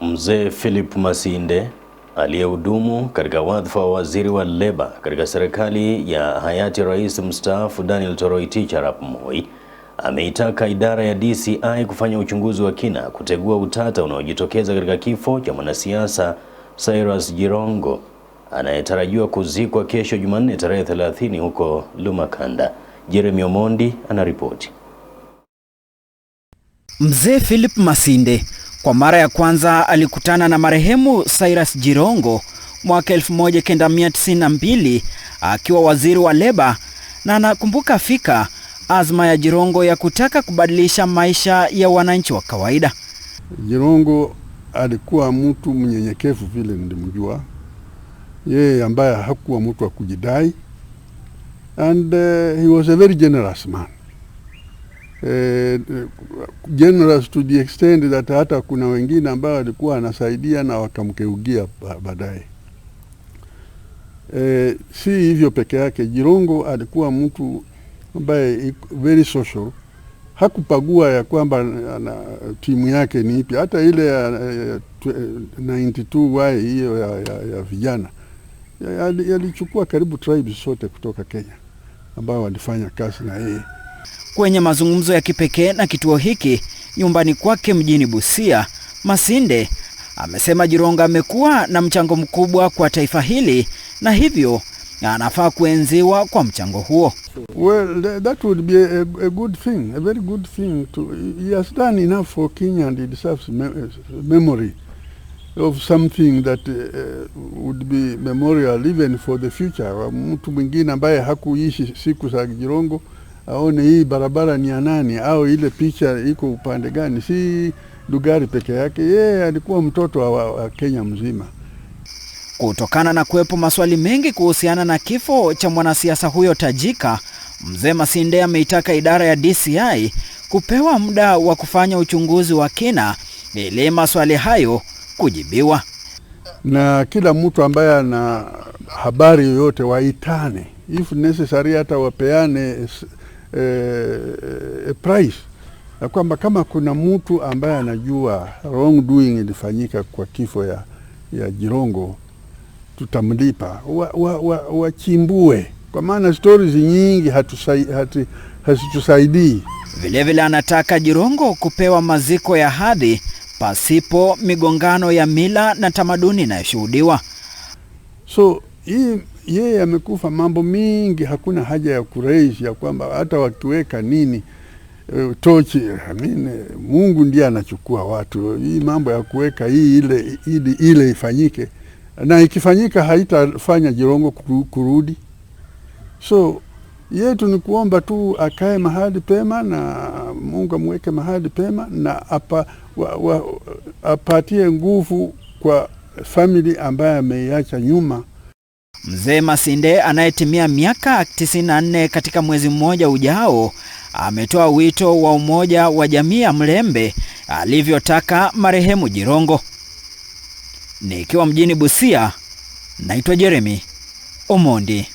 Mzee Philip Masinde aliyehudumu katika wadhifa wa waziri wa leba katika serikali ya hayati rais mstaafu Daniel Toroitich arap Moi ameitaka idara ya DCI kufanya uchunguzi wa kina kutegua utata unaojitokeza katika kifo cha mwanasiasa Cyrus Jirongo anayetarajiwa kuzikwa kesho Jumanne tarehe 30 huko Lumakanda. Jeremy Omondi anaripoti. Mzee Philip Masinde kwa mara ya kwanza alikutana na marehemu Cyrus Jirongo mwaka 1992 akiwa waziri wa leba na anakumbuka fika azma ya Jirongo ya kutaka kubadilisha maisha ya wananchi wa kawaida. Jirongo alikuwa mtu mnyenyekevu vile nilimjua yeye, ambaye hakuwa mtu wa kujidai and uh, he was a very generous man eh, eh generous to the extent that hata kuna wengine ambao walikuwa anasaidia na wakamkeugia baadaye. Eh, si hivyo peke yake, Jirongo alikuwa mtu ambaye very social hakupagua ya kwamba na, timu yake ni ipi. Hata ile ya, ya, 92 y hiyo ya, ya, ya vijana yalichukua ya, ya karibu tribes sote kutoka Kenya ambao walifanya kazi na yeye. Kwenye mazungumzo ya kipekee na kituo hiki nyumbani kwake mjini Busia, Masinde amesema Jironga amekuwa na mchango mkubwa kwa taifa hili na hivyo anafaa kuenziwa kwa mchango huo. Well, that would be a, a good thing, a very good thing to, he has done enough for Kenya and it deserves uh, memory of something that uh, uh, would be memorial even for the future. Mtu mwingine ambaye hakuishi siku za Jirongo aone hii barabara ni ya nani au ile picha iko upande gani. Si Lugari peke yake, yeye alikuwa mtoto wa, wa Kenya mzima. Kutokana na kuwepo maswali mengi kuhusiana na kifo cha mwanasiasa huyo tajika, mzee Masinde ameitaka idara ya DCI kupewa muda wa kufanya uchunguzi wa kina ili maswali hayo kujibiwa, na kila mtu ambaye ana habari yoyote waitane, if necessary, hata wapeane e, e, price na kwamba kama kuna mtu ambaye anajua wrong doing ilifanyika kwa kifo ya, ya Jirongo tutamlipa, wachimbue wa, wa, wa kwa maana stories nyingi hazitusaidii. Vilevile anataka Jirongo kupewa maziko ya hadhi pasipo migongano ya mila na tamaduni inayoshuhudiwa. So hii yeye amekufa. Mambo mingi hakuna haja ya kureishi ya kwamba hata wakiweka nini e, tochi amine, Mungu ndiye anachukua watu. Hii mambo ya kuweka hii ile, ili, ile ifanyike na ikifanyika haitafanya jirongo kurudi. So yetu ni kuomba tu akae mahali pema na Mungu amweke mahali pema na apa, wa, wa, apatie nguvu kwa famili ambaye ameiacha nyuma. Mzee Masinde anayetimia miaka 94 katika mwezi mmoja ujao ametoa wito wa umoja wa jamii ya Mlembe alivyotaka marehemu Jirongo. Nikiwa mjini Busia, naitwa Jeremy Omondi.